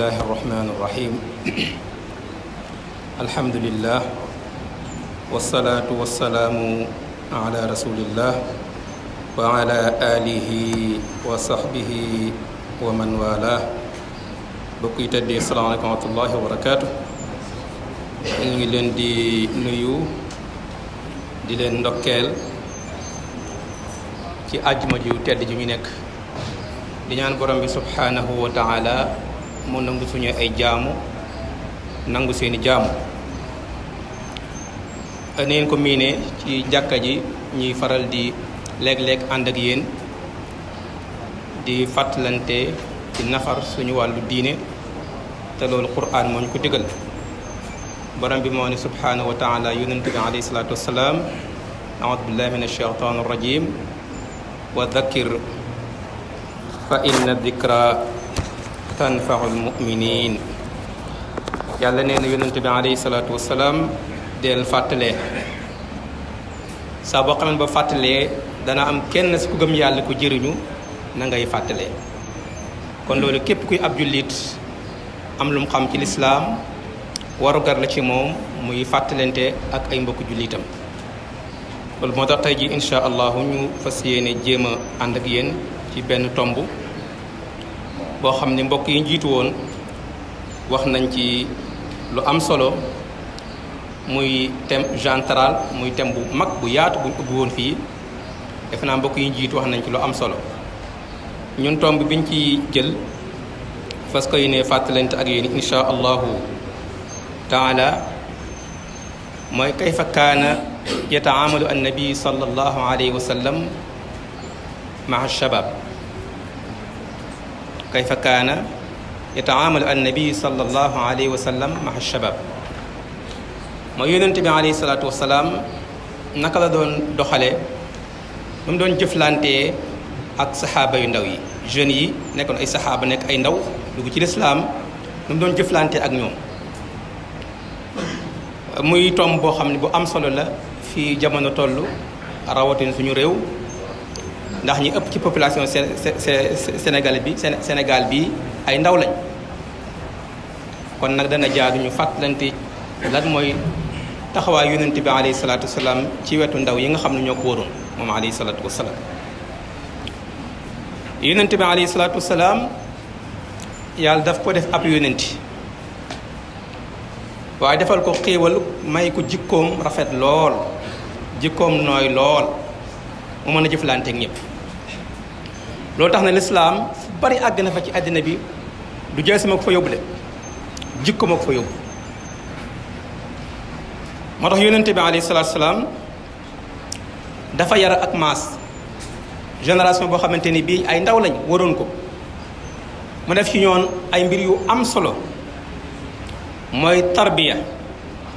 الله الرحمن الرحيم الحمد لله والصلاة والسلام على رسول الله وعلى آله وصحبه ومن والاه bokk yi tëddee salaamaaleykum wa rahmatullahi wa barakaatu ñu ngi leen di nuyu di leen ndokkeel ci àjjuma ju tedd ju ñu nekk di ñaan borom bi subhaanahu wa taala moo nangu suñu ay jaamu nangu seeni jaamu neen ko miine ci jàkka ji ñuy faral di léeg-léeg ànd ak yéen di fàttalante ci nafar suñu wàllu diine te loolu quraan moo ñu ko digal borom bi moo ne subhaanahu wa taala yonent bi alayhi salaatu wassalaam aoudu billahi min alcheytaan arrajim wa dakir fa inna tanfaul muminin yàlla nee na yonent bi alayhi salaatu wasalaam del fàttalee saa boo xamee ba fàttalee dana am kenn si ku yàlla ku jëriñu nangay ngay fàttalee kon loolu képp kuy ab jullit am lu mu xam ci lislaam warugar la ci moom muy fàttalante ak ay mbokku jullitam loolu moo tax tey ji incha allahu ñu fas yéene jéem a ànd ak yéen ci benn tomb boo xam ne mbokk yi njiitu woon wax nañ ci lu am solo muy thème gentral muy thème bu mag bu yaatu buñ ubbi woon fii defe naa mbokk yi njiitu wax nañ ci lu am solo ñun tomb biñ ci jël fas ko yéene fàttalante ak yéen insha allahu taala mooy kayfa kaana yataamalu annabi sallallahu alayhi wa sallam maa shabab kayfa kaana yataamalu annabi sallallahu alayhi wa sallam maha shabab mooy yonent bi alayhi salaatu wasalaam naka la doon doxale nu mu doon jëflantee ak saxaaba yu ndaw yi jeunes yi nekkoon ay saxaaba nekk ay ndaw dugg ci lislaam nu mu doon jëflantee ak ñoom muy tomb boo xam ne bu am solo la fii jamono toll rawatin suñu réew ndax ñi ëpp ci population Sénégal bi Sénégal bi ay ndaw lañ kon nag dana jaadu ñu fàttalante lan mooy taxawaay yonent bi alayhi salaatu wasalaam ci wetu ndaw yi nga xam ne ñoo ko waroon moom alayhi salaatu wasalaam yonent bi alayhi salaatu wasalaam yàlla daf ko def ab yonent waaye defal ko xéewal may ko jikkoom rafet lool jikkoom nooy lool mu mën a jëflante ak ñëpp loolu tax na lislaam fu bari àgg na fa ci àddina bi du jël sama ko fa yóbbu de jikko ma ko fa yóbbu moo tax yónnente bi alayhi salaatu salaam dafa yar ak maas génération boo xamante ni bii ay ndaw lañ waroon ko mu def ci ñoon ay mbir yu am solo mooy tarbiya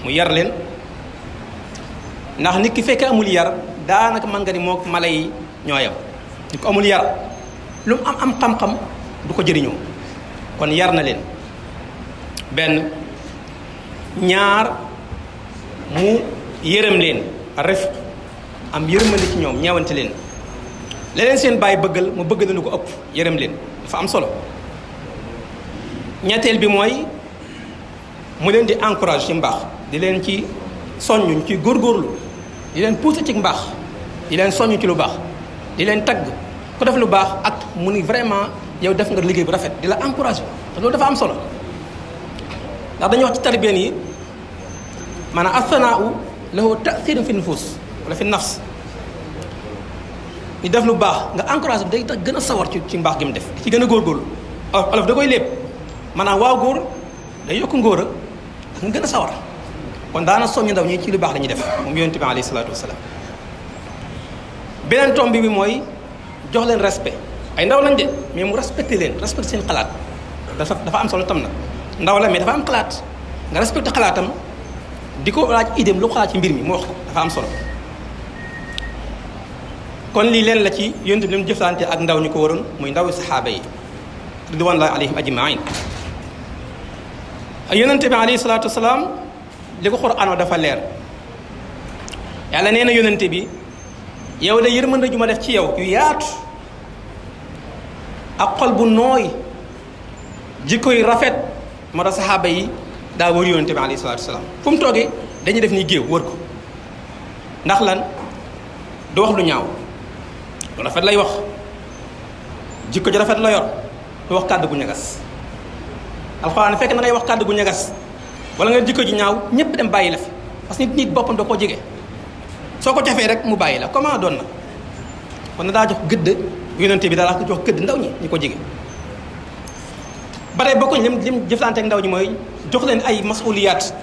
mu yar leen ndax nit ki fekkee amul yar daanaka mën nga ni mook mala yi ñoo yem nit ko amul yar lu mu am am xam-xam du ko jëriñoo kon yar na leen benn ñaar mu yërëm leen ref am yërmande ci ñoom ñeewante leen leen seen bàyyi bëggal mu bëgg na lu ko ëpp yërëm leen dafa am solo ñetteel bi mooy mu leen di encourage ci mbaax di leen ci soññu ci góor góorlu di leen pousser ci mbaax di leen soññ ci lu baax di leen tagg ku def lu baax ak mu ni vraiment yow def nga liggéey bu rafet di la encouragé te loolu dafa am solo ndax dañuy wax ci tarbiyeen yi maanaam asanaau lahu taasirum fi nufus wala fi nafs ñu def lu baax nga encouragé day tax gën a sawar ci ci mbaax gi mu def ci gën a góorgóorlu olof da koy lépp maanaam waaw góor day yokk ngóor a nga gën a sawar kon daana soññu ndaw ñi ci lu baax la ñuy def moom yonent bi alayhi salaatu beneen tomb bi mooy jox leen respect ay ndaw lañ de mais mu respecté leen respecté seen xalaat dafa dafa am solo tam na ndaw la mais dafa am xalaat nga respecté xalaatam di ko laaj idéem lu ci mbir mi mu wax lii leen la ci yonent bi li mu ak ndaw ñu ko waroon ndaw saxaaba yi ridwanullahi alayhim ajmain yonente bi alayhi salaatu dafa leer yàlla nee na yonente bi yow de yërmande ju ma def ci yow yu yaatu ak xol bu nooy jikko yu rafet moo tax saxaaba yi daa wër yonent bi alayhi salaatu wasalaam fu mu toogee dañuy def ni géew wër ko ndax lan du wax lu ñaaw lu rafet lay wax jikko ji rafet la yor du wax kàddu gu ñagas alxuraan fekk na ngay wax kàddu gu ñagas wala nga jikko ji ñaaw ñépp dem bàyyi la fi parce que nit nit boppam da koo jege soo ko cafee rek mu bàyyi la comment doon na man na daa jox gëdd yonente bi daal ko jox këdd ndaw ñi ñu ko jege ba tey bokkuñ lim lim jëflante ndaw ñi mooy jox leen ay masuliyaat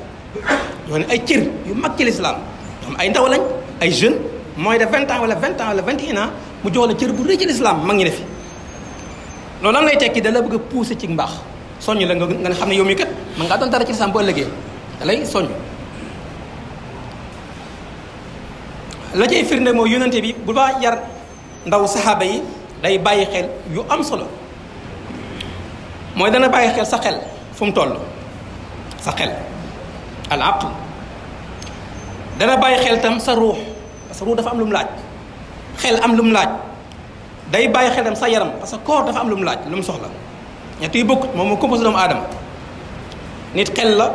jox ay cër yu mag ci lislaam ñoom ay ndaw lañ ay jeune mooy de vingt wala vingt ans wala vingt et un ans mu jox la cër bu rëy ci lislaam mag ñi ne fi loolu lan lay tekki da bëgg a poussé ci mbaax soññ la nga nga xam ne yow mi kat man ngaa doon dara ci lislaam bu ëllëgee da lay soññ la cay firnde mooy yonente bi bu baa yar ndaw saxaaba yi day bàyyi xel yu am solo mooy dana bàyyi xel sa xel fu mu toll sa xel al aql dana bàyyi xel tam sa ruux parce ruux dafa am lu mu laaj xel am lu mu laaj day bàyyi xel tam sa yaram parce que corps dafa am lu mu laaj lu soxla ñett yu moom moo composé doomu aadama nit xel la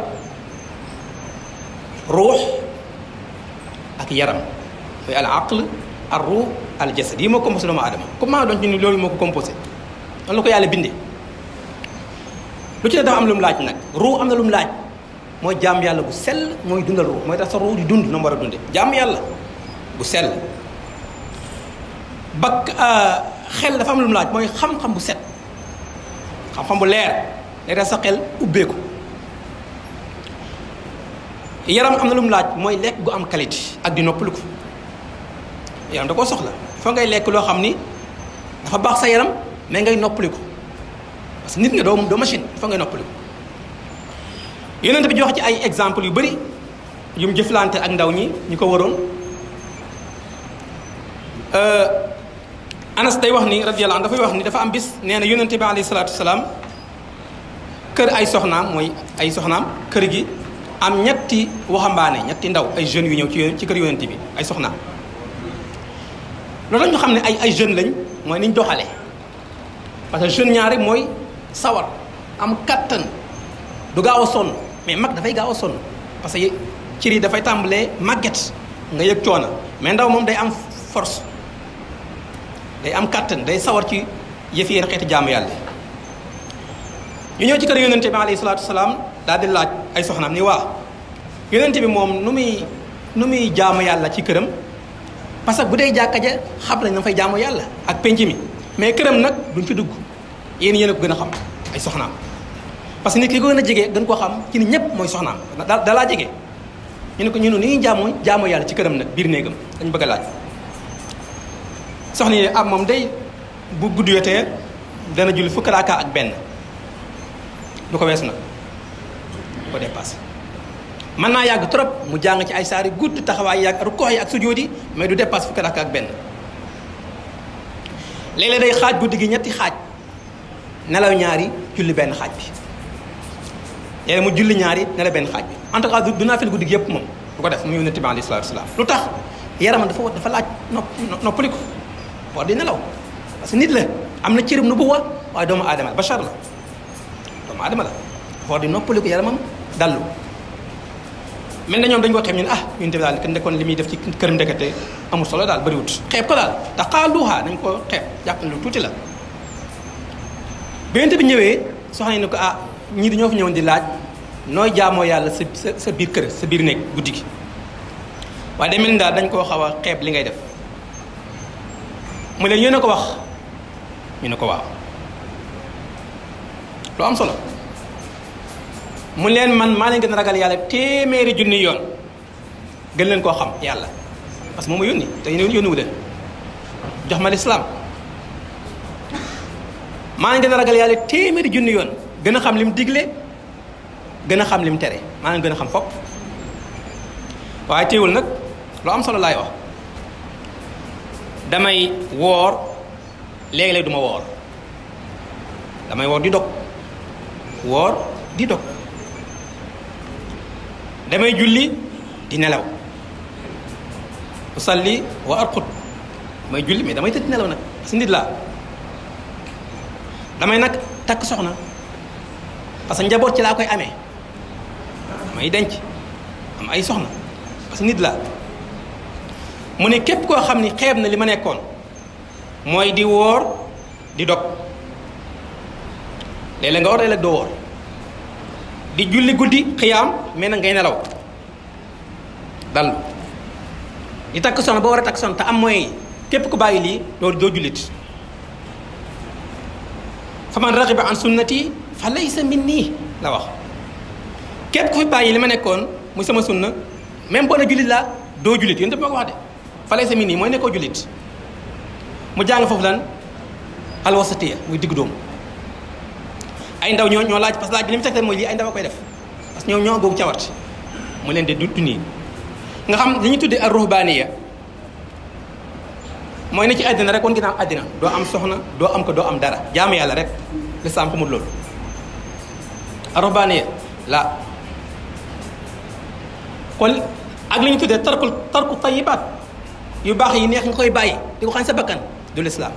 ruux ak yaram mooy al aql ar ruux aljasad yi moo composé doomu aadama comment donc ñu ni loolu moo ko composé noonu la ko yàlla bindee lu ci ne dafa am lu mu laaj nag ruu am na lu mu laaj mooy jaam yàlla bu sell mooy dundal ruu mooy tax sa ruu di dund na mu war a dunde jaam yàlla bu sell bak ah, xel dafa am lu mu laaj mooy xam-xam bu set xam-xam bu leer léegi tax sa xel ubbeeku yaram am na lu mu laaj mooy lekk gu am qualité ak di noppalu ko yaram da koo soxla fa ngay lekk loo xam ni dafa baax sa yaram mais ngay noppaliku parce que nit nga doo doo machine fa ngay noppaliku. yonent bi jox ci ay exemple yu bari yu mu jëflante ak ndaw ñi ñu ko waroon euh, Anas day wax ni radiyallahu anhu dafay wax ni dafa am bis nee na yonent bi alayhi salaatu salaam kër ay soxnaam mooy ay soxnaam kër gi am ñetti waxambaane ñetti ndaw ay jeunes yu ñëw ci ci kër yonent bi ay soxnaam. loolu ñu xam ne ay ay jeunes lañ mooy niñ joxale parce que jeune ñaar rek mooy sawar am kattan du gaaw a sonn mais mag dafay gaaw a sonn parce que cër dafay tàmbalee màgget nga yëg coono mais ndaw moom day am force day am kattan day sawar ci yëf yi xeeti jaamu yàlla ñu ñëw ci kër yonente bi alayhi salaatu daal di laaj ay soxnaam ni waa yonente bi moom nu muy nu muy jaam yàlla ci këram. parce que bu dee jàkka ja xam nañ na fay jaamu yàlla ak penc mi mais këram nag duñ fi dugg yéen yéen a ko gën a xam ay soxnaam parce que nit ki ko gën a jege gën koo xam ci ni ñëpp mooy soxnaam da dalaa jege ñu ne ko ñu ne ni ñuy jaamoo yàlla ci këram nag biir néegam dañ bëgg a laaj soxna yi ah moom day bu gudd yotee dana julli fukk rakaa ak benn du ko wees nag du ko dépassé mën naa yàgg trop mu jàng ci ay saari gudd taxawaay yàgg rukkoo yi ak sujjóot yi mais du dépasse fukki rakk ak benn léeg-léeg day xaaj guddi gi ñetti xaaj nelaw ñaari julli benn xaaj bi léeg-léeg mu julli ñaari nelaw benn xaaj bi en tout cas du naafil guddi gi yëpp moom du ko def mu yónnent bi alayhi salaatu wasalaam lu tax yaramam dafa dafa laaj nopp noppaliku war di nelaw parce que nit la am na cërëm nu bu wa waaye doomu aadama la bachar la doomu aadama la war di noppaliku yaramam dallu mel na ñoom dañu ko xeeb ñun ah ñun tamit daal kon li muy def ci kër te amul solo daal bëriwut xeeb ko daal ndax xaaluuxaa nañ koo xeeb jàpp na lu tuuti la beneen bi ñëwee soxna yi ne ko ah ñii dañoo fi ñëwoon di laaj nooy jaamoo yàlla sa sa biir kër sa biir néeg guddi gi waaye day mel ni daal dañ koo xaw a xeeb li ngay def mu leen yéen a ko wax ñu ne ko waaw loo am solo mu leen man maa leen gën a ragal yàlla téeméeri junni yoon gën leen koo xam yàlla parce que moom ma yónni te yónniwu leen jox ma lislaam maa leen gën a ragal yàlla téeméeri junni yoon gën a xam li mu digle gën a xam li mu tere maa leen gën a xam fopp waaye téewul nag lu am solo laay wax damay woor léegi-léeg du woor damay woor di dog woor di dog damay julli di nelaw usalli wa arqut may julli mais damay tëdd nelaw nag si nit laa damay nag takk soxna parce que njaboot ci laa koy ame damay denc am ay soxna parce que nit laa mu ne képp koo xam ni xeeb na li ma nekkoon mooy di woor di dog léeg nga woor léeg-léeg doo woor di julli guddi xiyaam mais nag ngay nelaw dal di takk soxna ba war a takk soxna te am mooy képp ku bàyyi lii loolu doo jullit fa man bi an sunnati fa laysa nii la wax képp ku fi bàyyi li ma nekkoon muy sama sunna même boo ne jullit laa doo jullit yéen tamit moo ko wax de fa laysa minni mooy nekkoo jullit mu jàng foofu lan alwasatiya muy digg dóomu ay ndaw ñoo ñoo laaj parce que laaj bi li mu teg mooy lii ay ndaw a koy def parce ñoom ñoo googu cawat mu leen de dudd nii nga xam li ñu tuddee ak ruhbaaniya mooy ne ci àddina rek wan ginnaaw àddina doo am soxna doo am ko doo am dara jaamu yàlla rek lislaam ko mu loolu ak ruhbaaniya li ñu tuddee tarkul tarku tayibaat yu baax yi neex nga koy bàyyi di ko xañ sa bakkan du lislaam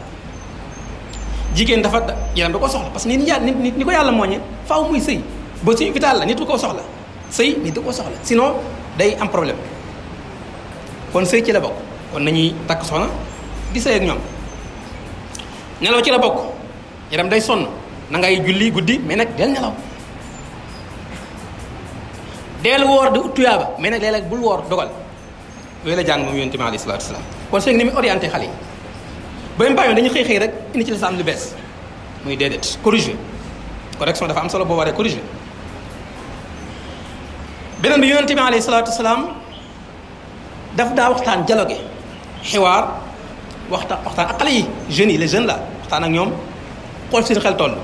jigéen dafa yaram da ko soxla parce que ni ni ni ko yàlla mooñe faaw muy sëy ba suñu vital la nit du koo soxla sëy nit du koo soxla sinon day am problème kon sëy ci la bokk kon nañuy takk soxna di sëy ak ñoom nelaw ci la bokk yaram day sonn nangay ngay julli guddi mais nag del nelaw deel woor di tuyaaba mais nag léeg-léeg bul woor dogal yooyu la jàng moom yonent bi alayhi salaatu wasalaam kon ni muy orienté xale yi ba mu bàyyoon dañuy xëy xëy rek indi ci la lislaam lu bees muy déedéet corriger correction dafa am solo boo waree corriger beneen bi yonente bi alayhi salaatu wasalaam daf daa waxtaan dialogue xiwaar waxtaan waxtaan ak xale yi jeunes yi les jeunes la waxtaan ak ñoom xool seen xel toll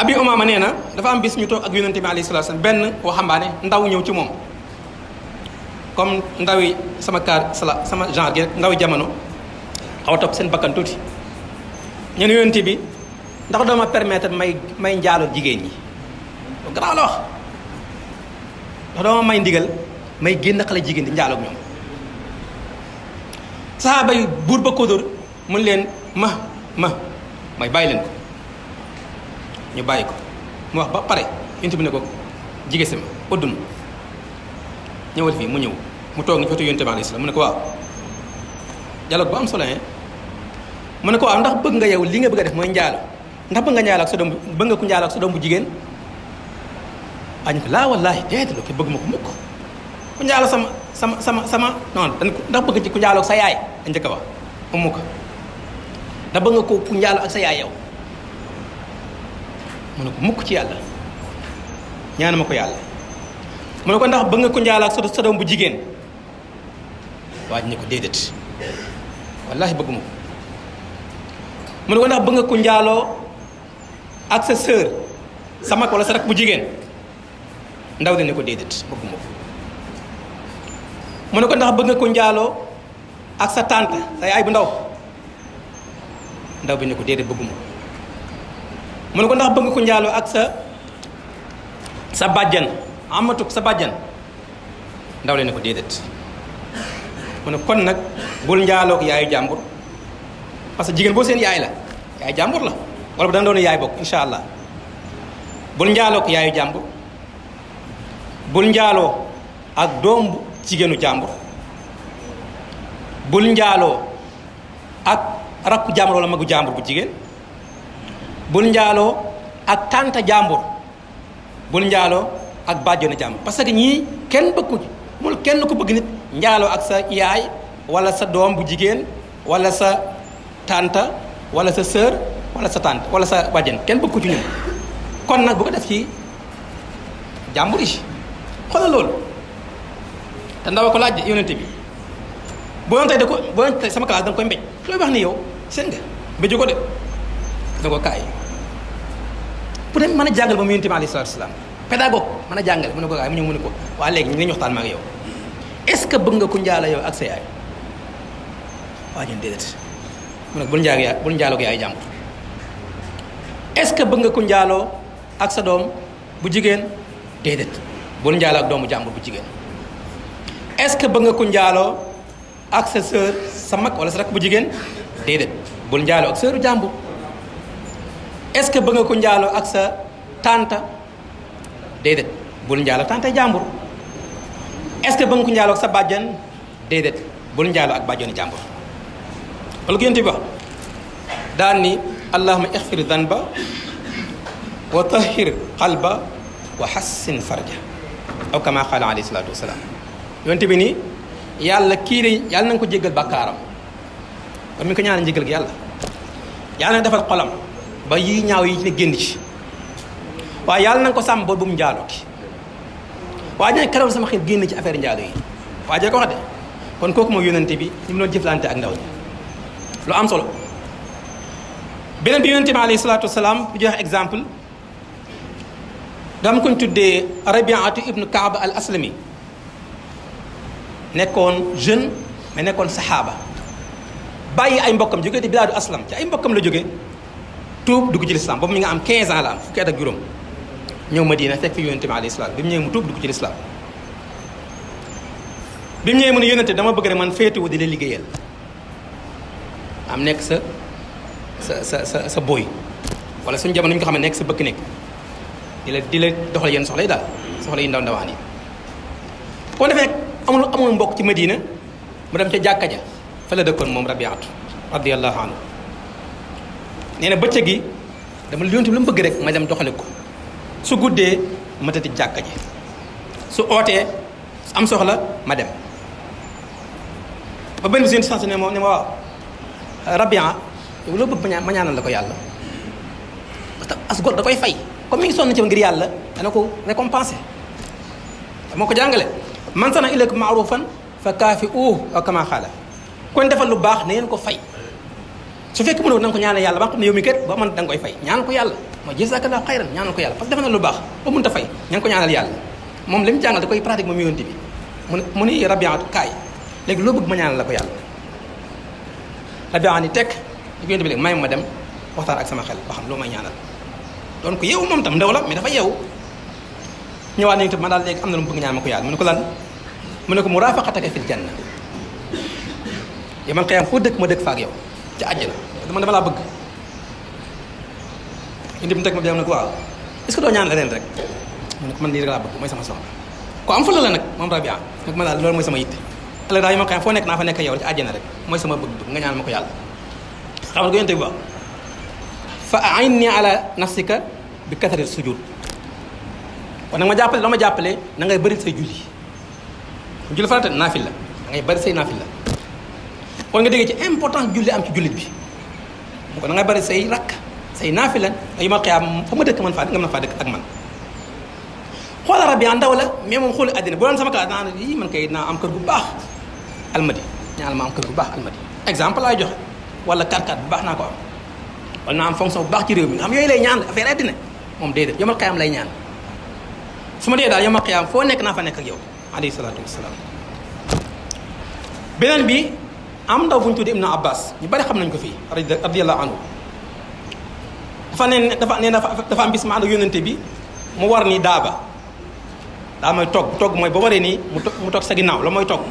abi umaama nee na dafa am bis ñu toog ak yonente bi alayhi salaatu benn waxambaane ndaw ñëw ci moom comme ndawi sama kaar sala sama genre gi rek ndawi jamono xaw seen bakkan tuuti ñu ne bi ndax doo ma permettre may may njaalo jigéen ñi garaaw la wax ndax doo ma may ndigal may génn xale jigéen di njaaloog ñoom saxaaba yi buur ba kóodóor mun leen ma ma may bàyyi leen ko ñu bàyyi ko mu wax ba pare yonent bi ne ko jige si ma uddun ñëwal fii mu ñëw mu toog ni foto yonent bi alayhi salaam mu ne ko waaw dialogue bu am solo mu ne ko waaw ndax bëgg nga yow li nga bëgg a def mooy njaalo ndax bëgg nga njaalo ak bëgg nga ku njaalo ak sa jigéen bañ ko laa wallaahi déedéet lu ki bëgg ma ko mukk ku njaaloo sama sama sama sama ndax bëgg ci ku njaaloo ak sa yaay a njëkk bëgg ko ku sa yaay yow mu ne ko ci yàlla ñaana ko yàlla mu ne ko ndax bëgg ko njaaloo ak sa doom bu jigéen waa ji ne ko déedéet wallaahi bëgg ko mu ne ko ndax bëgg nga ko njaaloo ak sa sœur sa mag sa rak bu jigéen ndaw di ne ko déedéet bëgguma ko mu ne ko ndax bëgg nga ko njaaloo ak sa tànk sa yaay bu ndaw ndaw bi ne ko déedéet bëgguma ko mu ne ko ndax bëgg nga ko njaaloo ak sa sa bàjjan amatuk sa bàjjan ndaw le ne ko déedéet mu ne kon nag bul njaaloog yaayu jàmbur parce que jigéen boo seen yaay la yaay jàmbur la wala bu dana doon yaay bokk incha allah bul njaaloog yaayu jàmbur bul njaaloo ak doom jigéenu jàmbur bul njaaloo ak rakku jàmbur wala magu jàmbur bu jigéen bul njaaloo ak tànta jàmbur bul njaaloo ak bàjjona jàmbur parce que ñii kenn bëgg ko kenn ko bëgg nit njaaloo ak sa yaay wala sa doom bu jigéen walla sa tànta wala sa sœur wala sa tànt wala sa bàjjen kenn bëgg ci ñun kon nag bu ko def ci jàmbur yi xoolal loolu te ndaw ko laaj yonente bi boo doon tey da ko boo doon tey sama classe da koy mbéj looy wax ni yow seen nga mbéju ko de da ko kaay pour dem mën a jàngal ba mu yonente bi alayhi salaatu salaam pédagogue mën a jàngale mu ne ko kaay mu ñëw mu ne ko waa léegi ñu ngi waxtaan ma ak yow est-ce que bëgg nga ku njaala yow ak sa yaay waa ñun déedéet mu ne bul bul njaaloo ko yaay jàmbur est-ce que bëgg nga ku njaaloo ak sa doom bu jigéen déedéet bul njaalo ak doomu jàmbur bu jigéen est-ce que ba nga ko njaaloo ak sa sœur sa mag wala sa rak bu jigéen déedéet bul njaaloo ak sœuru jàmbur est-ce que ba nga ko njaaloo ak sa tanta déedéet bul njaaloo ak tanta jàmbur est-ce que ba nga ko njaaloo sa bàjjan déedéet bul njaaloo ak bàjjanu jàmbur wala ba daan ni allahuma ixfir danba wa tahir qalba wa xassin farja aw kama qaala alayhi bi ni yàlla kii de yàlla na nga ko jéggal bàkkaaram kon mi ngi ko ñaanal njéggal gi yàlla yàlla na defal xolam ba yi ñaaw yi ne génn ci waaye yàlla na nga ko sàmm ba bu mu njaalooti waaye dina keroog sama xel génn ci affaire njaalo yi waaye jee ko wax kon kooku mooy bi ñu mu doon jëflante ak ndaw ñi lu am solo beneen bi yonente bi alayhi salaatu wasalaam bu joxe exemple dama koñ tuddee rabiatu ibnu kaab al aslami nekkoon jeune mais nekkoon saxaaba bàyyi ay mbokkam jóge di bilaadu aslam ci ay mbokkam la jógee tuub dugg ci lislaam boobu mi nga am 15 ans la am fukki at ak juróom ñëw Madina fekk fi yonente bi alayhi salaam bi mu ñëwee mu tuub dama bëgg rek man féetewu di la liggéeyal am nekk sa sa sa sa sa booy wala suñu jamono ñu ko xam ne nekk sa bëkk nekk di la di la doxal yenn soxla yi daal soxla yi ndaw ndawaan yi kon defee amul amul mbokk ci Medina mu dem ca jàkka ja fa dëkkoon moom Rabiatu radiyallahu anhu nee na bëccëg gi dama yontu lu mu bëgg rek ma dem doxale ko su guddee ma tëdd jàkka ji su ootee su am soxla ma dem ba benn bi seen sens ne moom ne ma waaw Rabia loo bëgg ma ñaanal la ko yàlla parce da koy fay comme mi ngi sonn ngir yàlla dana ko récompenser moo ko jàngale man sana ilak maarufan fa kaafi u kama xaala kon defal lu baax ne ngeen ko fay su fekk mënoo na ko ñaanal yàlla ba nga xam ne yow mi kat ba man da nga koy fay ñaan ko yàlla mooy jazakallahu xayran ñaanal ko yàlla parce que defal na lu baax ba yàlla moom li mu jàngal da koy pratique moom yonent bi mu ne mu ni rabiatu kaay léegi loo bëgg ma ñaanal la ko yàlla rabiat ni tekk li yonent bi léegi may ma dem waxtaan ak sama xel ba xam loo may ñaanal doon ko yeewu moom tam ndaw la mais dafa yeewu ñëwaat nañu te ma daal léegi am na lu mu bëgg ñaan ma ko yàlla mu ne ko lan mu ne ko mu raafaqataka fil janna yow man xëyam foo ma dëkk fa ak yow ca àjjana dama dama laa bëgg indi mu teg ma bi ko waaw est-ce rek mu ne ko man lii rek laa sama ko am fële la nag moom rabia nag ma daal loolu mooy sama yitte ëllëg daal yow man xëyam foo nekk naa fa nekk yow ca àjjana mooy sama bëgg nga ñaan ko yàlla xam fa a aynni ala nafsika bi kathari sujud kon nag ma jàppale loo ma jàppale na ngay bëri say julli julli farata naafil la da ngay bëri say naafil la kon nga déggee ci important julli am ci jullit bi mu ko na ngay bëri say rakk say naafila nga yu ma xiyaam fa ma dëkk man faa nga mën faa dëkk ak man xoola rab yaa ndaw la mais moom xoolu àddina boo doon sama kalaat naa yi man kay naa am kër gu baax almadi ñaa ma am kër gu baax almadi exemple laay joxe wala 4 4 baax naa ko am wala naa am fonction bu baax ci réew mi nga xam yooyu lay ñaan affaire addina moom déedéet yomal xiyaam lay ñaan su ma dee daal yomal xiyaam foo nekk naa fa nekk ak yow alayhi salaatu bi am ndaw bu ñu tuddee Ibn Abbas ñu bari xam nañ ko fii radiyallahu anhu dafa ne dafa ne dafa am bis ma ànd ak bi mu war nii daaba daa mooy togg togg mooy ba waree nii mu togg sa ginnaaw la mooy togg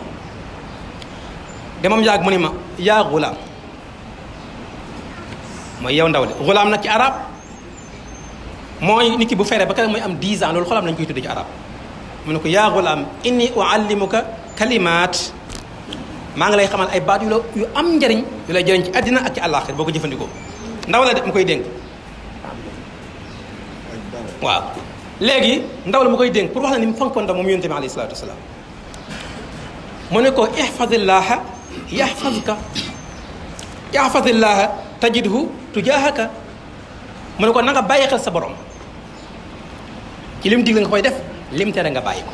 demam yàgg mu ni ma yaa gulaam mooy yow ndaw le xulaam nag ci arab mooy nit bu feree ba ka muy am 10 ans loolu xulaam lañ koy tuddee ci arab mu ne ko yaa xulaam inni uallimuka ngi lay xamal ay baat yu am njëriñ yu lay jëriñ ci àddina ak ci àllaaxir boo ko jëfandikoo ndaw la de mu koy dénk waaw léegi ndaw la mu koy dénk pour wax na ni mu fonkoon ndaw moom yonent bi alayhi salaatu wasalaam mu ne ko ihfadillaaha yaxfazuka ihfadillaaha tajidhu tujaahaka mu ne ko na nga bàyyi xel sa borom ci lim digle nga koy def lim tere nga bàyyi ko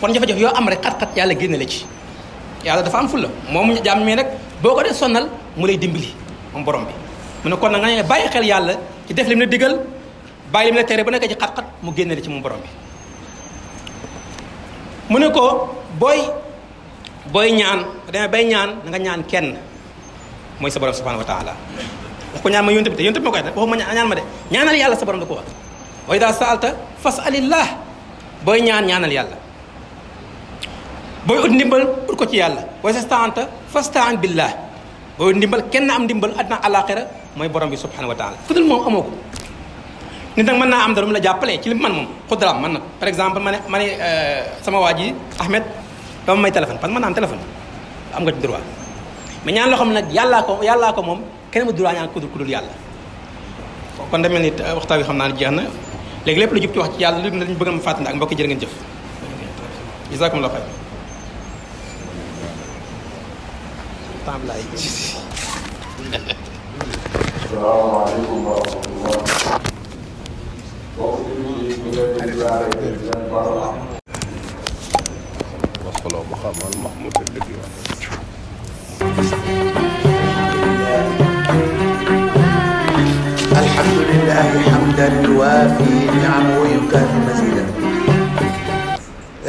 kon jafe-jafe yoo am rek xat-xat yàlla génne la ci yàlla dafa am fulla moom jaam mi nag boo ko dee mu lay dimbali moom bi mu ne kon na nga bàyyi xel yàlla ci def lim la digal bàyyi lim la tere ba nekk ci xat-xat mu génne la ci moom borom bi mu ne ko booy booy ñaan demee bay ñaan na nga ñaan kenn mooy sa borom subhanahu wa taala wax ko ñaan ma yonte bi te yonte bi ma koy def waxuma ñaan ma de ñaanal yàlla sa borom da ko wax wa ida saalta fasalillah booy ñaan ñaanal yàlla booy ut ndimbal ut ko ci yàlla wa fa fastaan billah booy ut ndimbal kenn am ndimbal àddina alaxira mooy borom bi subhanahu wa taala moom amoo nit nag mën naa am dara la jàppale ci li man moom xudraam man nag par exemple ma ne ma ne euh, sama waa ji Ahmed dama may téléphone parce que naa am nga ci droit mais xam ne nag yàllaa ko moom kenn mu dulaa ñaan ku dul ku dul yàlla kon demel ni eh, waxtaan wi xam naa ne jeex na léegi lépp lu jub ci wax ci yàlla lu lañ bëgg a ma fàttali ak mbokk jërë ngeen jëf لله حمدا الوافي نعمه ويكافي مزيدا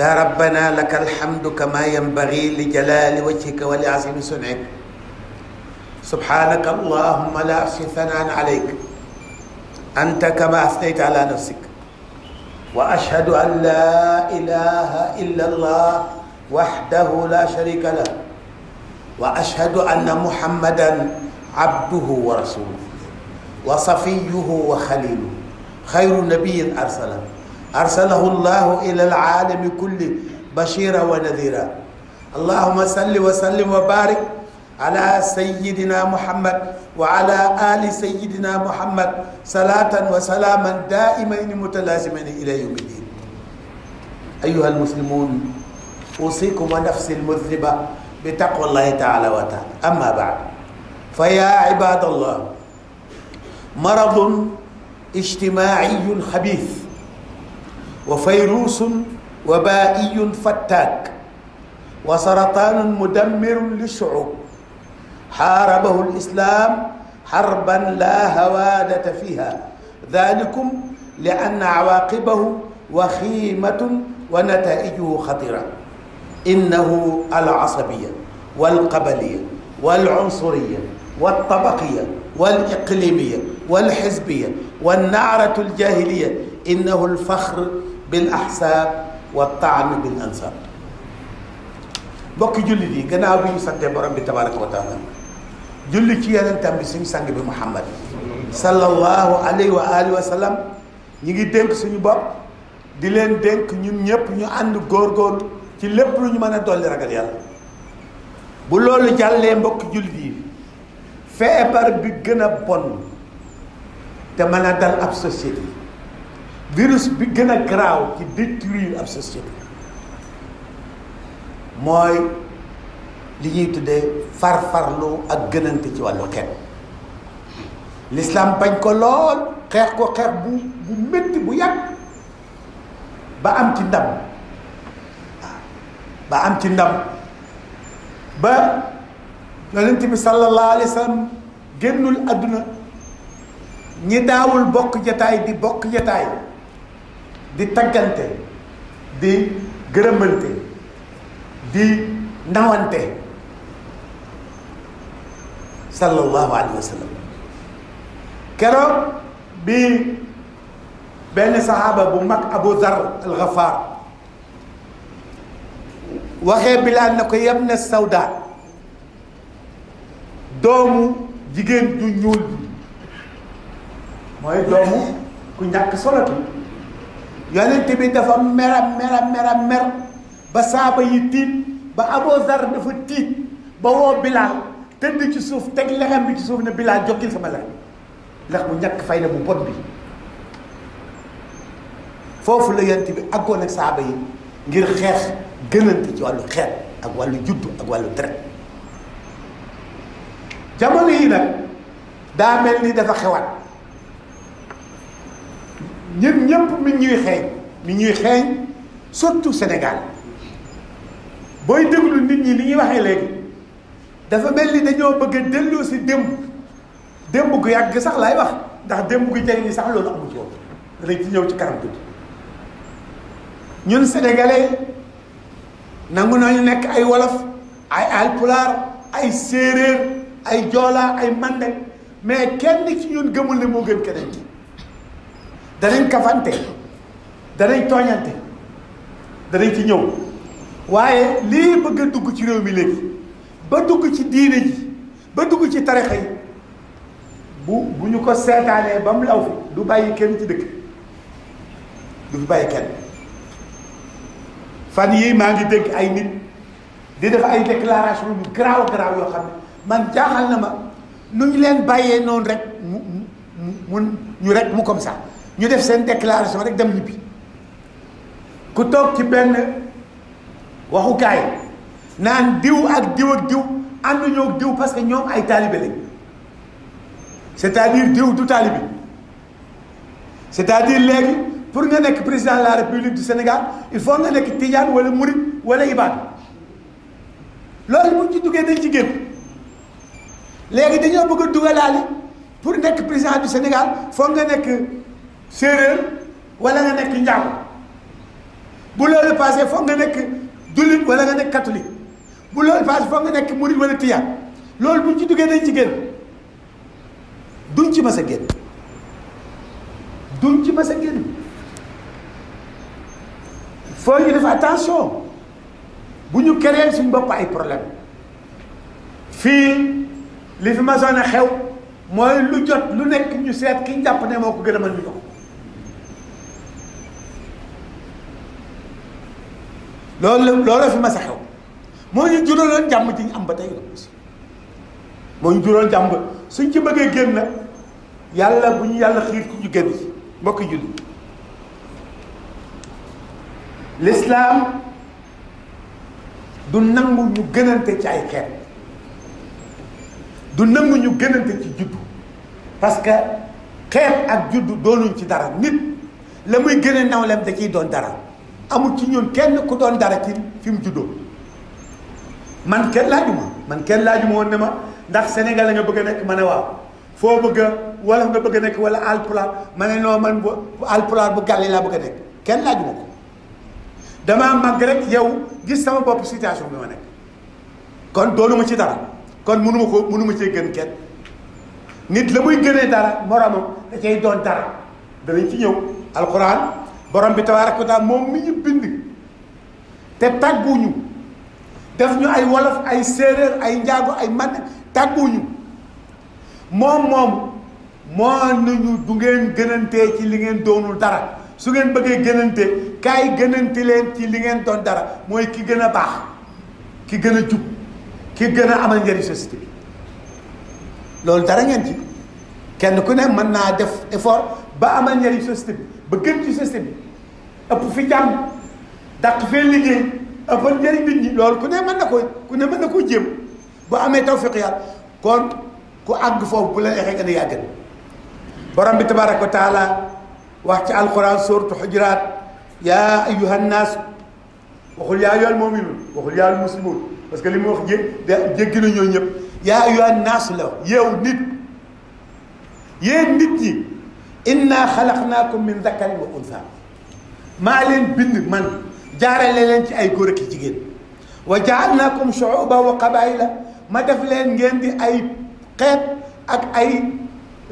يا ربنا لك الحمد كما ينبغي لجلال وجهك ولعظيم صنعك سبحانك اللهم لا أحصي ثناء عليك أنت كما أثنيت على نفسك وأشهد أن لا إله إلا الله وحده لا شريك له وأشهد أن محمدا عبده ورسوله wa safiyuhu wa xalilu xayru nabiyin arsala arsalahu llahu ila alaalami kulli bashira wa nadira allahuma salli wa sallim wa barik ala sayidina muhammad wa ala ali sayidina muhammad salatan wa salaaman daimaini mutalazimaini ila yaumi din ayuha almuslimun usikum wa nafsi almudniba bi taqwa llahi taala wa taala amma baad fa ya ibad allah مرض اجتماعي خبيث وفيروس وبائي فتاك وسرطان مدمر للشعوب حاربه الإسلام حربا لا هوادة فيها ذلكم لأن عواقبه وخيمة ونتائجه خطيرة إنه العصبية والقبلية والعنصرية والطبقية والإقليمية والحزبية والنعرة الجاهلية إنه الفخر بالأحساب والطعن بالأنساب mbokki jullit yi gannaaw bi ñu santee borom bi tabaraka wa taala julli ci yonentam bi suñu sang bi Muhammad sallallahu alayhi wa alihi wa sallam ñi ngi dénk suñu bopp di leen dénk ñun ñëpp ñu ànd góorgóorlu ci lépp lu ñu mën a dolli ragal yàlla bu loolu jàllee mbokki jullit yi feebar bi gën a bon te mën a dal ab société virus bi gën a garaaw ci détruire ab société mooy li ñuy tuddee farfarloo ak gënante ci wàllu xeet l'islam bañ ko lool xeex ko xeex bu bu métti bu yàgg ba am ci ndam ba am ci ndam ba yonent bi sallallahu alayhi wa sallam génnul àdduna ñi daawul bokk jataay di bokk jataay di taggante di gërëmante di ndawante sallallahu alayhi wa keroog bi benn saxaaba bu mag Abu Dar al Ghafar waxee Bilaal na ko yem na sawdaa doomu jigéen ju ñuul bi mooy doomu ku ñàkk solo bi yonent bi dafa mera mera mera mer ba saaba yi tiit ba Abu Zar dafa tiit ba woo Bilaal tëdd ci suuf teg lexam bi ci suuf ne Bilaal jokkil sama lex lex bu ñàkk fayda bu bon bi foofu la yonent bi àggoon ak saaba yi ngir xeex gënante ci wàllu xeet ak wàllu juddu ak wàllu deret jamono yii nag daa mel ni dafa xewaat ñun ñëpp mi ñuy xeeñ mi ñuy xeeñ surtout Sénégal booy déglu nit ñi li ñuy waxee léegi dafa mel ni dañoo bëgg a delloo si démb démb gu yàgg sax laay wax ndax démb gu jege ñi sax loolu amu ci woon ci ñëw ci kanam tuuti ñun sénégalais nangu nañu nekk ay wolof ay alpulaar ay séeréer. ay joolaa ay mande mais kenn ci ñun gëmul ne moo gën keneen ki danañ kafante danañ tooñante danañ ci ñëw waaye lii bëgg a dugg ci réew mi léegi ba dugg ci diine ji ci tarixa yi bu bu ñu ko seetaanee ba mu law fi du bàyyi kenn ci dëkk du fi bàyyi kenn fan yii maa ngi dégg ay nit di def ay déclaration bi garaaw garaaw yoo xam ne man jaaxal na ma nu ñu leen bàyyee noonu rek mu mu ñu rek mu comme ça ñu def seen déclaration rek dem ñibbi ku toog ci benn waxukaay naan diw ak diw ak diw ànduñoo ak diw parce que ñoom ay taalibe lañ c'est-à-dire diw du taalibe c'est-à-dire léegi pour nga nekk président la république du Sénégal il faut nga nekk tijaan wala murit wala ibaad loolu bu ñu ci duggee dañ ci génn. léegi dañoo bëgg a dugalaali pour nekk président du Sénégal foo nga nekk séeréer walla nga nekk njaago bu loolu passé foog nga nekk jullit wala nga nekk catholique bu loolu passé foo nga nekk murit wala tiyaan loolu buñ ci duggee dañ ci génn duñ ci mës a génn duñ ci mës a génn foo ñu def attention bu ñu créer suñ bopp ay problème fii li fi masoon a xew mooy lu jot lu nekk ñu seet ki jàpp ne moo ko gën a mën ñu jox loolu loolu fi mas xew moo ñu juróoloon jàmm ji am ba tey la aussi moo ñu suñ ci bëggee génn na yàlla bu ñu yàlla xiir ci ñu génn ci mbokk julli lislaam du nangu ñu gënante ci ay xeet du nangu ñu gënante ci juddu parce que xeet ak juddu doonuñ ci dara nit la muy gën a nawleem da ciy doon dara amul ci ñun kenn ku doon dara ci fi mu juddoo man kenn laajuma man kenn laajuma woon ne ma ndax Sénégal la nga bëgg a nekk ma ne waaw foo bëgg a wolof nga bëgg a nekk wala alpulaar ma ne noo man bu alpulaar bu gàlle laa bëgg a nekk kenn laajuma ko damaa màgg rek yow gis sama bopp situation bi ma nekk kon doonuma ci dara kon mënuma ko mënuma cee gën kenn nit la muy gënee dara moromam da cay doon dara danañ ci ñëw alxuraan borom bi tabaaraka ko taala moom mi ñu bind te tàgguñu def ñu ay wolof ay séeréer ay njaago ay man tàgguñu moom moom moo nañu du ngeen gënantee ci li ngeen doonul dara su ngeen bëggee gënante kaay gënante leen ci li ngeen doon dara mooy ki gën a baax ki gën a jub ki gën a amal njëriñ société bi dara ngeen kenn ku ne mën naa def effort ba amal njëriñ société bi ba gën ci société bi ëpp fi jàmm dàq fee liggéey ëppal njëriñ nit ku ne mën na ko ku ne mën na koo jéem boo amee tawfiq yàlla kon ku àgg foofu bu la neexee gën a yàggal borom bi tabaraka wa taala wax ci alquran suratu xujuraat yaa ayuha nnaas waxul yaa ayyuhal muminuun waxul yaa al parce que li mu wax jé jéggi na ñooñu ñëpp yaa ayyuhan naas la yow nit yéen nit ñi inna xalaqnaakum min dakarin wa unsa maa leen bind man jaarale leen ci ay góor ak jigéen wa jaalnaakum shuuba wa qabaila ma def leen ngeen di ay xeet ak ay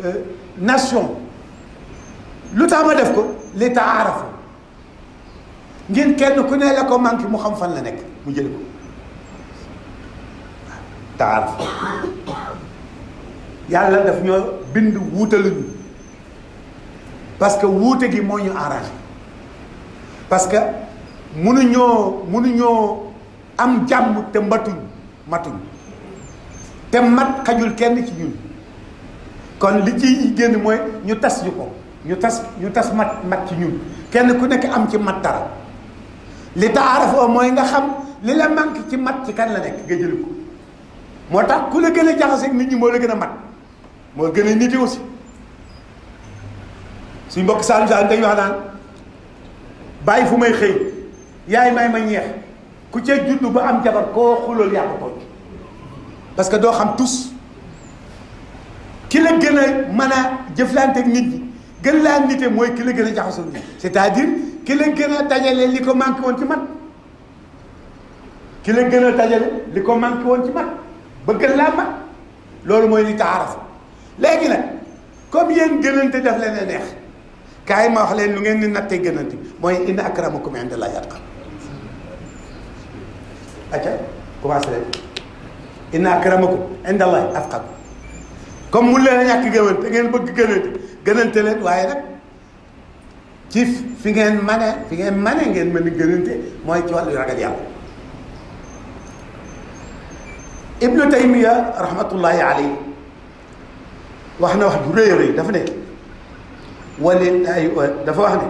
euh, nation lu taa ma def ko li taarafu ngeen kenn ku ne la ko manqué mu xam fan la nekk mu jëli ko taar yàlla def ñoo bind wuutaluñu parce que wuute gi moo ñu arrangé parce que mënuñoo mënuñoo am jàmm te mbatuñ matuñ te mat xajul kenn ci ñun kon li ci génn mooy ñu tas ñu ko ñu tas ñu tas mat mat ci ñun kenn ku nekk am ci mat dara li taarafoo mooy nga xam li la manque ci mat ci kan la nekk nga jëli ko moo tax ku la gën a jaxaseeg nit ñi moo la gën a mat moo gën a nite aussi suñ mbokk Saalum Saalum dañuy wax naan bàyyi fu may xëy yaay may ma ñeex ku ca juddu ba am jabar koo xulool yàq ko parce que doo xam tus ki la gën a mën a jëflanteeg nit ñi gën laa nite mooy ki la gën a jaxasoo nit c'est-à-dire ki la gën a dajale li ko manqué woon ci man ki la gën a dajale li ko manqué woon ci man ba gën laa mag loolu mooy li taaraf léegi nag comme yéen gënante daf leen a neex kaay ma wax leen lu ngeen di natte gënante mooy inna akramakum indallahi atqakum acca commencé leen inna akramakum indallahi atqakum comme mun leen a ñàkk gënante ngeen bëgg gënante gënante leen waaye nag ci fi ngeen mane fi ngeen mane ngeen mën a gënante mooy ci wàllu ragal yàlla ibnu taymiya rahmatullahi alayhi wax na wax bu rëy rëy dafa ne walilahi dafa wax ne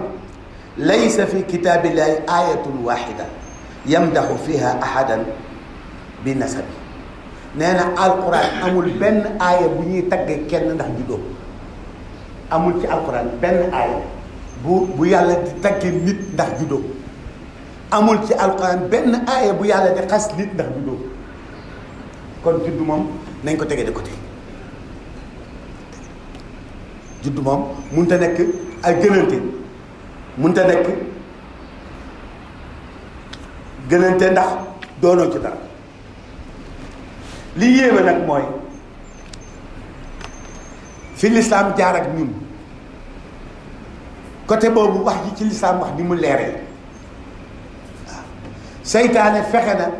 laysa fi kitaabillahi ayatun waxida yamdaxu fiha ahadan bi nasabi nee na alquran amul benn aaya bu ñuy taggee kenn ndax juddoo amul ci alquran benn aaya bu bu yàlla di taggee nit ndax juddoo amul ci alquran benn aaya bu yàlla di xas nit ndax juddoo kon juddu moom nañ ko tege de côté juddu moom mënut a nekk ay gënante mun a nekk gënante ndax doonoo ci dara li yéeme nag mooy fi lislaam jaar ak ñun côté boobu wax ji ci lislaam wax ni mu leeree seytaane fexe na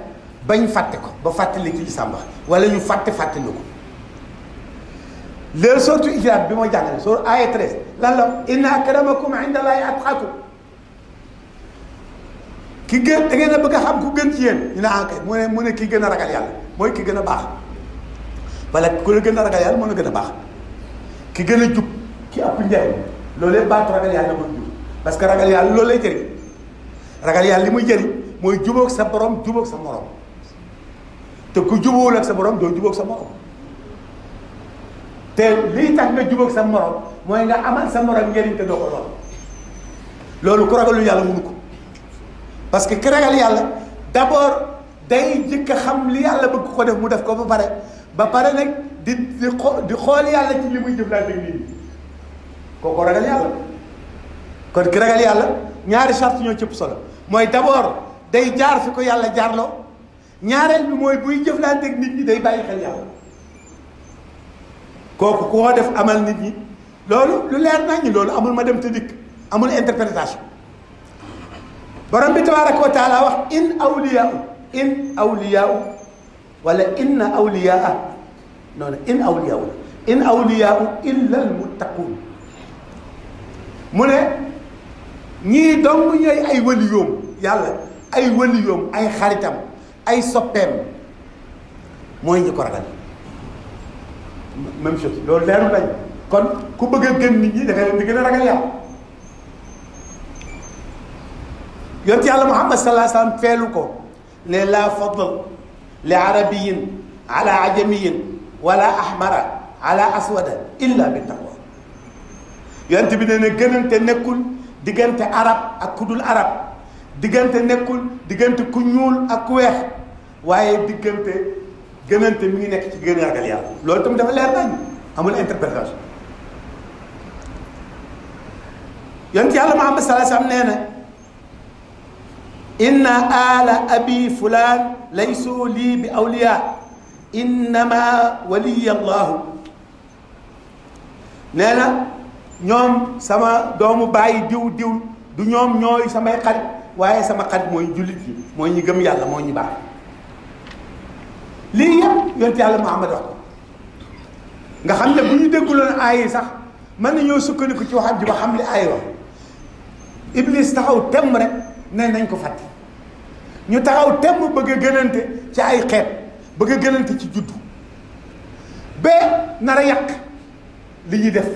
bañ fàtte ko ba fàttali ci lislaam wax wala ñu fàtte fàttali ko les sourate Hijr bi ma jàngale sourate aaya 13 lan la inna akramakum inda Allahi atqakum ki gën da ngeen a bëgg ah, mu ne kii gën a ragal yàlla mooy ki gën a baax wala ku la gën a ragal yàlla mën a gën a baax ki gën a jub ki ëpp njariñ loolee baatu ragal yàlla mooy jub parce que ragal yàlla loolu lay jëriñ ragal yàlla li muy jëriñ mooy jubóog sa borom jubóog sa morom te ku jubóowul ak sa morom doo jubóog sa morom te lii tax nga jubóog sa morom mooy nga amal sa morom njëriñ te doo ko lool loolu ku ragalul yàlla mënu ko parce que ki ragal yàlla d'abord day jëkk a xam li yàlla bëgg ko def mu def ko ba pare ba pare nag di di xool yàlla ci li muy jëflante nit ñi kooku ragal yàlla kon ki ragal yàlla ñaari charte ñoo cëpp solo mooy d'abord day jaar fi ko yàlla jaarloo ñaareel bi mooy buy jëflanteeg nit ñi day bàyyi xel yàlla kooku ku ko def amal nit ñi loolu lu leer nañu loolu amul ma dem te dikk amul interprétation borom bi tabaraka wa taala wax in awliyaa in awliyaa wala inna awliyaa noonu in awliyaa in awliyaa mu ne ñii dong ñooy ay waliyoom yàlla ay waliyoom ay xaritam ay soppeem mooy ñi ko ragal même chose loolu leerul lañ kon ku bëgg a gën nit ñi da nga leen di gën a ragal yàlla yonent yàlla Muhammad sallallahu alayhi wasallam feelu ko ne laa fadl li arabiyin ala ajamiyin wala ahmara ala aswada illa bi taqwa yonent bi nee na gënante nekkul diggante arab ak ku dul arab diggante nekkul diggante ku ñuul ak ku weex waaye diggante gënante mu ngi nekk ci gën a ragal yàlla loolu tam dafa leer nañ amul interprétation yonent yàlla Muhammad sallallahu alayhi wasallam nee na inna ala abi fulaan laysu lii bi awliyaa innama waliya allahu nee na ñoom sama doomu bàyyi diw diw du ñoom ñooy samay xarit waaye sama xarit mooy jullit yi mooy ñi gëm yàlla mooy ñi baax lii yëpp yonent yàlla Muhammad wax ko nga xam ne bu ñu dégguloon aay yi sax mën nañoo sukkandiku ci waxam ji ba xam li aay wax Iblis taxaw temm rek ne nañ ko fàtte ñu taxaw temm bëgg a gënante ci ay xeet bëgg a gënante ci juddu ba na a yàq li ñuy def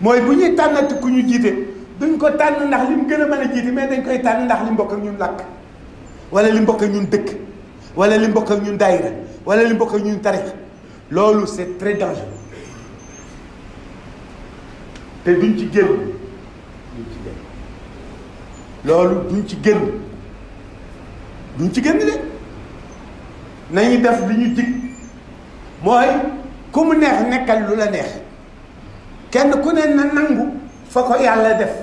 mooy bu ñuy tànnati ñu jiite duñ ko tànn ndax li mu gën a mën a jiite mais dañ koy tànn ndax li mbokk ñun làkk wala li mbokk ñun dëkk. wala li mbokk ak ñun daay wala li mbokk ak ñun tarix loolu c'est très dangereux te duñ ci génn ci génn loolu ñu ci génn duñ ci génn de nañu def li ñu dig mooy ku mu neex nekkal lu la neex kenn ku ne na nangu fa ko yàlla def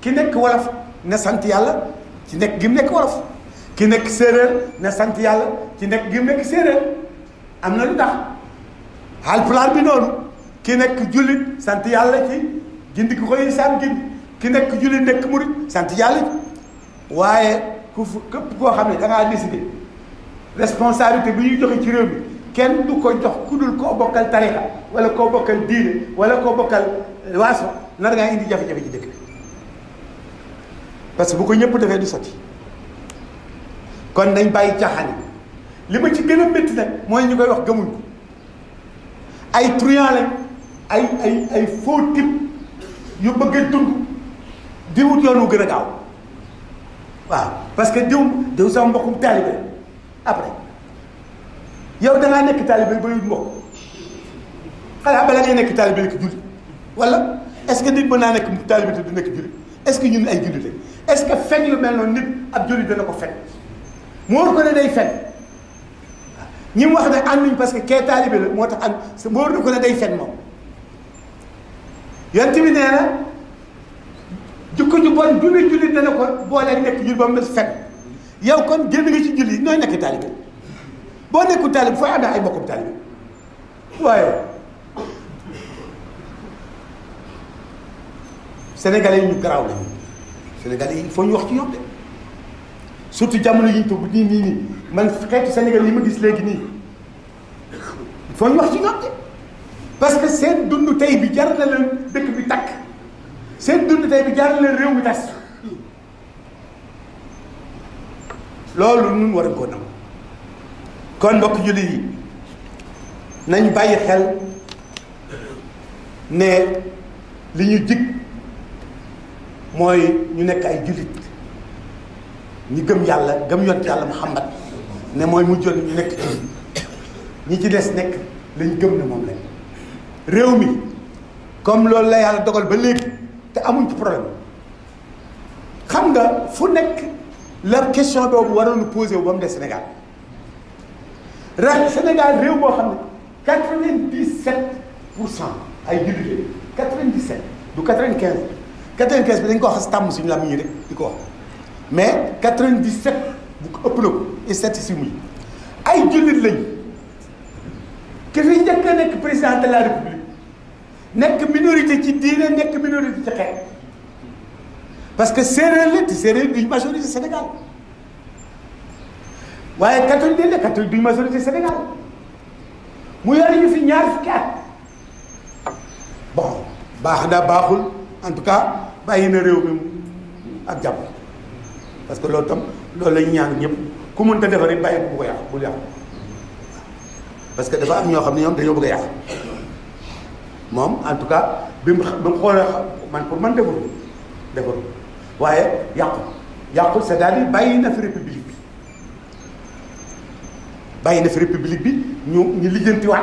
ki nekk wolof na sant yàlla ci nekk gi mu nekk wolof ki nekk séeréer ne sant yàlla ci nekk gi nekk séeréer am na lu tax Haalpulaar bi noonu ki nekk jullit sant yàlla ci gindi ki koy saan gindi ki nekk jullit nekk murit sant yàlla ci waaye ko képp koo xam ne da ngaa responsabilité bi ñuy joxe ci réew bi kenn du ko jox ku dul koo bokkal tarixa wala ko bokkal diine wala koo bokkal waaso nar ngaa indi jafe-jafe ci dëkk bi parce que bu ko ñëpp defee di sotti kon nañ bàyyi caaxaan li ma ci gën a métti nag mooy ñu koy wax gëmuñ ko ay truand lañ ay ay ay faux type yu bëgg a di wut yoon wu gën a gaaw waaw parce que diw diw sama mbokkum taalibe après yow dangaa nekk taalibe ba yut mbokk xanaa bala ngay nekk taalibe nekk julli wala est-ce que nit mën naa nekk taalibe te du nekk julli est-ce que ñun ay julli lañ est que fen lu mel noonu nit ab julli dana ko fen moo war ko ne day fen ñi mu wax ne ànduñ parce que kee taalibe la moo tax ànd moo war ko ne day fen moom yonent bi nee na jikko ju bon junni jullit dana ko boolee nekk jul ba mu des fen yow kon génn nga ci julli nooy nekk taalibe boo nekkul taalibe fooy ànd ay mbokkum taalibe waaye sénégalais yi ñu garaaw lañu sénégalais yi il faut ñu wax ci ñoom de surtout jamono yi ñu nii nii nii man xeetu Sénégal yi ma gis léegi nii foo ñu wax ci ñoom de parce que seen dund tey bi jar na la dëkk bi takk seen dund tey bi jar na la réew mi tas loolu nun war a koo nam kon mbokk julli yi nañ bàyyi xel ne li ñu jig mooy ñu nekk ay jullit ñi gëm yàlla gëm yont yàlla Muhammad ne mooy mu jot ñu nekk ñi ci des nekk lañ gëm ne moom lañ réew mi comme loolu la yàlla dogal ba léegi te amuñ ci problème xam nga fu nekk la question boobu waroon posé wu ba mu des Sénégal ren Sénégal réew boo xam ne quatre-vingt-dix-sept pour cent ay jullit lañ quatre vingt dix du quatre-vingt-quinze quatre-vingt-quinze bi dañ ko wax tàmm suñu làmmiñ rek di ko wax mais 97 bu ko ëpp na ko et ay jullit lañ ki fi njëkk a nekk président de la république nekk minorité ci diine nekk minorité ci xeet parce que séeréer la te séeréer duñ majorité Sénégal waaye catholique la catholique duñ majorité Sénégal mu yor ñu fi ñaar fukki at bon baax na baaxul en tout cas bàyyi na réew mi ak jàmm. parce que loolu tam loolu la ñu ñaan ñëpp ku mën ta defar it bàyyi ko bu ko yàq bul yàq parce que dafa am ñoo xam ne ñoom dañoo bëgg a yàq moom en tout cas bi mu bi mu xoolee man pour man defaru defaru waaye yàqu yàqu c'est-à-dire bàyyi na fi république bi bàyyi na fi bi ñu ñu lijjantiwaat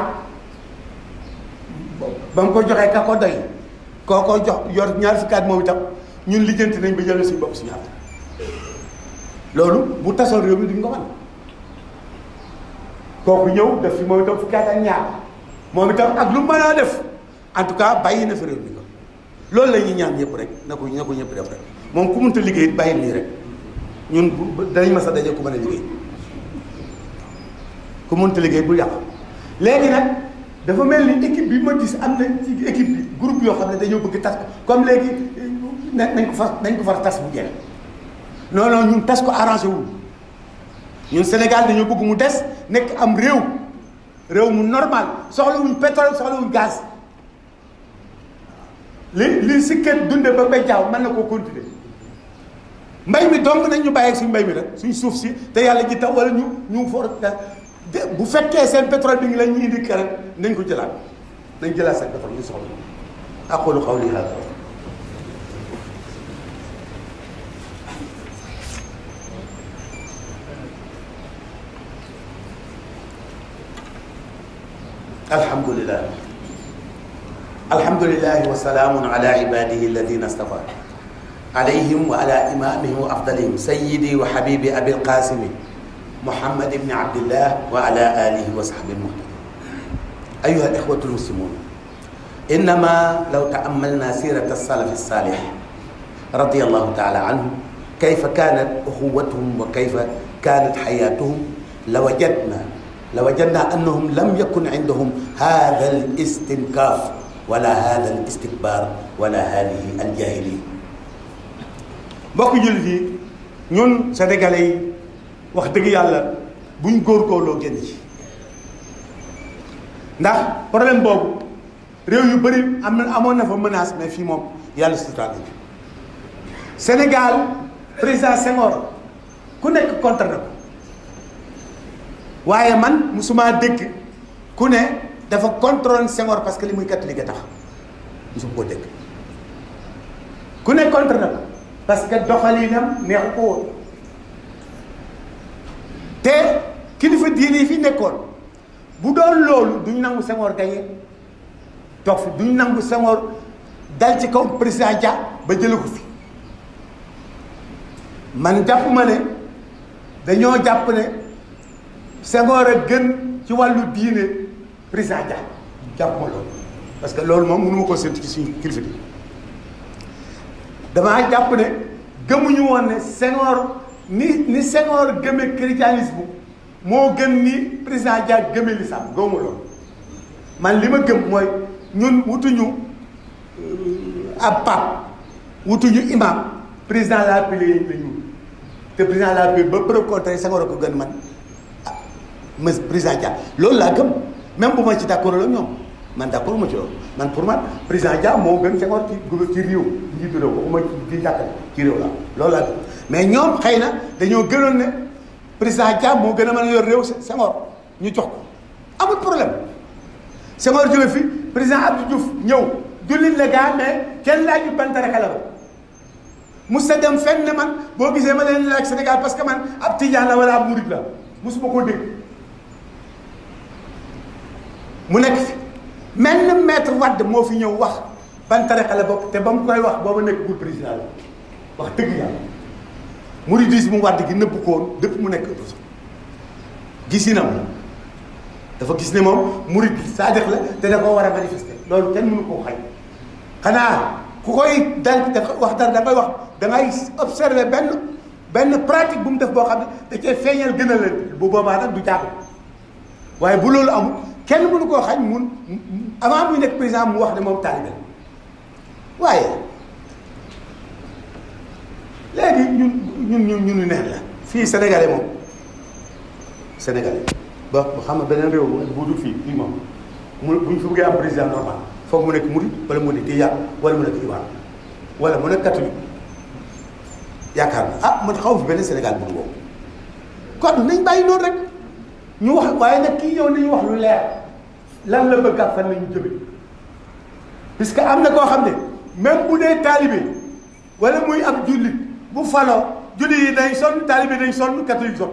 ba mu ko joxee ka ko doy koo ko jox yor ñaar fukki at moom itam ñun lijjanti nañ ba jëlee suñu bopp suñu àll. loolu bu tasoon réew mi nga ko mën kooku ñëw def fi moom itam fukki at ak ñaar moom itam ak lu mën a def en tout cas bàyyi na fi réew ko loolu la ñuy ñaan ñëpp rek na ko na ko ñëpp def moom ku mënta liggéey it nii rek ñun bu danañ mas a daje ku mën a liggéey liggéey bu yàqu léegi nag dafa mel ni équipe bi ma gis am na ci équipe bi groupe yoo xam ne dañoo bëgg tas comme léegi nañ ko far nañ ko far tas bu jeex. lool non ñun tas ko arrangé wul ñun Sénégal dañoo bëgg mu des nekk am réew réew mu normal wuñ pétrole soxlawuñ gaz li li si kër dunde ba mbay jaaw mën na koo continuer mbay mi donc nañ ñu bàyyeeg suñ mbay mi rek suñ suuf si te yàlla ji taw wala ñu ñu for bu fekkee seen pétrole bi ngi la ñu indi kër nañ ko jëlaat nañ jëlaat seen pétrole ñu soxla aqulu qawli hada alhamdulillah alhamdulillah wa salaamun ala ibadihi alladina astafa alayhim wa ala imamihim wa afdalihim sayyidi wa habibi abil qasimi muhammad ibni abdillah wa ala alihi wa sahbihi muhtadin ayuha al-ikhwatu al-muslimun innama law ta'ammalna sirat as-salaf as-salih radiyallahu ta'ala anhum kayfa kanat ukhuwatuhum wa kayfa kanat hayatuhum lawajadna lawajadna annahum lam yakun indahum hada al istinkaaf wala hada al istikbaar wala hadihi al jaahili mbokk jullit yi ñun sénégalais yi wax dëgg yàlla buñ góorgóorloo génn ci ndax problème boobu réew yu bëri am na amoon na fa menace mais fii moom yàlla suturaal Sénégal président Senghor ku nekk contre na ko waaye man musuma dégg ku ne dafa contrôle Senghor parce que li muy catholique a tax musuma koo dégg ku ne contre na parce que doxalinam neexu ko woon te kilifa diine yi fi nekkoon bu doon loolu duñ nangu Senghor gañe toog fi duñ nangu Senghor dal ci kaw président Dia ba jële ko fi man jàpp ma ne dañoo jàpp ne Senghor a gën ci wàllu diine président Dia jàpp ma loolu parce que loolu moom mënu ma ko séntu ci suñu kilifa damaa jàpp ne gëmuñu woon ne Senghor ni ni Senghor gëme christianisme moo gën ni président Dia gëme lislaam gëmuma loolu man li ma gëm mooy ñun wutuñu euh, ab pape wutuñu imam président de la République lañu te président la République ba précontré Senghor a ko gën man monsieur président Dia loolu laa gëm même bu ma ci d'accord la ñoom man d'accord ma ci loolu man pour man président Dia moo gën Senghor ci gouver ci réew njiitu réew waxuma ci jàkkale ci la gëm mais ñoom xëy na dañoo gënoon ne président Dia moo gën a mën a yor réew Senghor ñu jox ko amul problème Senghor jóge fi président Abdou Diouf ñëw jullit la gaa mais kenn laaj ñu bantara kala ba musa dem fenn ne man boo gise ma leen laaj Sénégal parce que man ab tijaan la wala ab murid la mosuma koo dégg mu nekk fi mel na maître moo fi ñëw wax ban tariqa la bokk te ba mu koy wax booba nekk gul président la wax dëgg yàlla mouridisme Wade gi nëbb ko woon dëpp mu nekk opposition gisinam dafa gis ne moom murid saadiq la te da koo war a manifester loolu kenn mënu koo xay xanaa ku koy dal da wax dara da koy wax da ngay benn benn pratique bu mu def boo xam ne da cee feeñal gën leen bu boobaa du jàpp waaye bu loolu amul kenn mënu koo xañ mun avant muy nekk président mu wax ne moom taalibe waaye léegi ñun ñun ñun ñunu fii sénégalais moom sénégalais ba xam nga beneen réew bu dul fii fii moom mu bu ñu fi am président normal foog mu nekk murid wala mu nekk tijaan wala mu nekk imaan wala mu nekk catholique yaakaar na ah man xaw fi benn Sénégal bu boobu kon nañ bàyyi noonu rek ñu wax waaye nag kii ñëw nañu wax lu leer lan la bëgg ak fan la ñu jëme puisque am na koo xam ne même bu dee taalibe wala muy ab jullit bu faloo jullit yi day sonn taalibe day sonn catholique sonn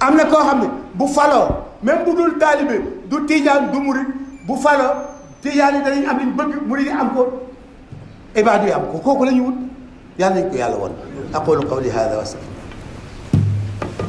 am na koo xam ne bu faloo même bu dul taalibe du tijaan du murit bu faloo tijaan yi danañ am liñ bëgg murit yi am ko ibaadu yi am ko kooku la ñu wut yàlla nañ ko yàlla woon aqulu qawli hada wa astaghfirullah